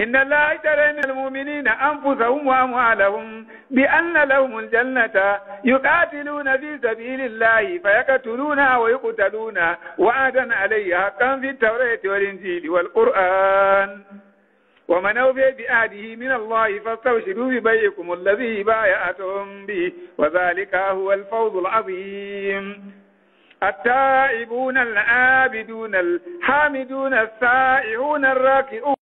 إن الله اشترى من المؤمنين أنفسهم وأموالهم بأن لهم الجنة يقاتلون في سبيل الله فيقتلون ويقتلون وعدا عليه حقا في التوراة والإنجيل والقرآن ومن أوفي بآده من الله فاستبشروا ببيعكم الذي بايعتم به وذلك هو الفوز العظيم التائبون العابدون الحامدون السائحون الراكئون